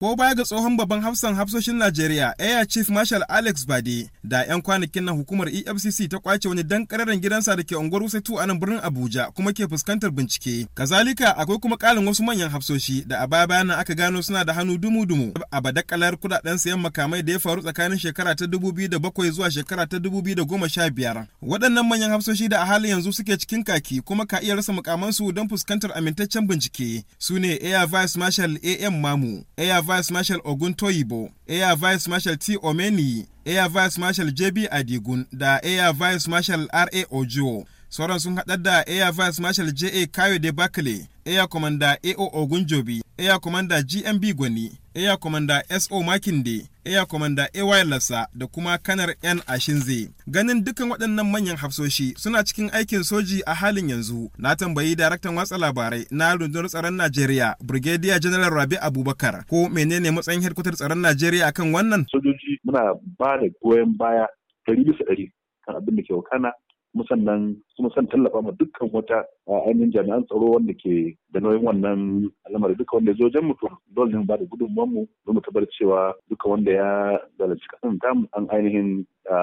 Ko baya ga tsohon babban hafsan hafsoshin Najeriya, Air Chief Marshal Alex Bade, da 'yan kwanakin nan hukumar EFCC ta kwace wani dan kararren gidansa da ke unguwar Wusatu a nan birnin Abuja kuma ke fuskantar bincike. Kazalika akwai kuma kalin wasu manyan hafsoshi da a baya bayan aka gano suna da hannu dumu-dumu a badakalar kudaden sayan makamai da ya faru tsakanin shekara ta da bakwai zuwa shekara ta dubu da goma sha biyar. Waɗannan manyan hafsoshi da a halin yanzu suke cikin kaki kuma ka iya rasa mukamansu don fuskantar amintaccen bincike. Su ne Air Vice Marshal AM Mamu, Vice Marshal Ogun Toyibo, Air Vice Marshal T. Omeni, Air Vice Marshal JB Adigun da Air Vice Marshal R.A. Ojo. Sauran sun haɗar da Air Vice Marshal J.A. Kayo de Bakle, Air Commander A.O. Ogunjobi, Air Commander GMB Gwani, Air Commander S.O. Makinde, Air Commander AY Lassa da kuma Kanar N Ashinze. Ganin dukkan waɗannan manyan hafsoshi suna cikin aikin soji a halin yanzu. Na tambayi daraktan watsa labarai na rundunar tsaron Najeriya, Brigadier General Rabi Abubakar, ko menene matsayin hedkwatar tsaron Najeriya akan wannan? Sojoji muna ba da goyon baya ɗari bisa ɗari kan abin da ke wakana kuma sannan kuma san tallafa ma dukkan wata ainihin jami'an tsaro wanda ke da nauyin wannan al'amari duka wanda ya zo wajen mutum dole ne ba da gudunmuwan mu don mu tabbatar cewa duka wanda ya zalunci kasan tamu an ainihin a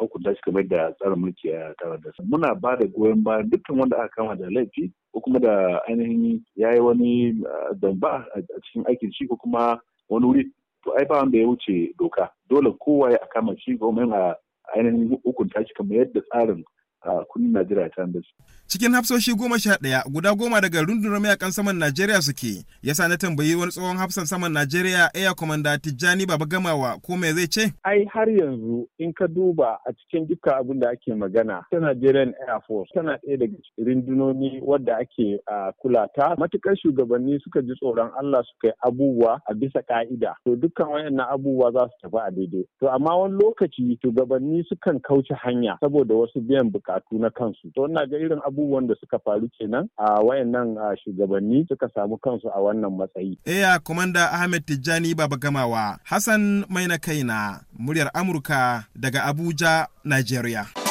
hukunta shi kamar da tsarin mulki ya tara da muna ba da goyon bayan dukkan wanda aka kama da laifi ko kuma da ainihin ya yi wani zamba a cikin aikin shi ko kuma wani wuri to ai ba wanda ya wuce doka dole kowa ya kama shi domin a ainihin hukunta shi kamar yadda tsarin kudin Najeriya ta da Cikin hafsoshi goma sha ɗaya guda goma daga rundunar mayakan saman Najeriya suke Ya sa na tambayi wani tsohon hafsan saman Najeriya Air Commander Tijjani Baba Gamawa ko me zai ce? Ai har yanzu in ka duba a cikin duka abin da ake magana ta Nigerian Air Force tana ɗaya daga rundunoni wadda ake kula ta matukar shugabanni suka ji tsoron Allah suka yi abubuwa a bisa ka'ida to dukkan wayannan abubuwa za su tafi a daidai to amma wani lokaci shugabanni sukan kauce hanya saboda wasu biyan buƙatu. bukatu na kansu to ina ga irin abubuwan da suka faru kenan a wayannan shugabanni suka samu kansu a wannan matsayi eya komanda ahmed tijjani baba gamawa hassan mai na kaina muryar amurka daga abuja nigeria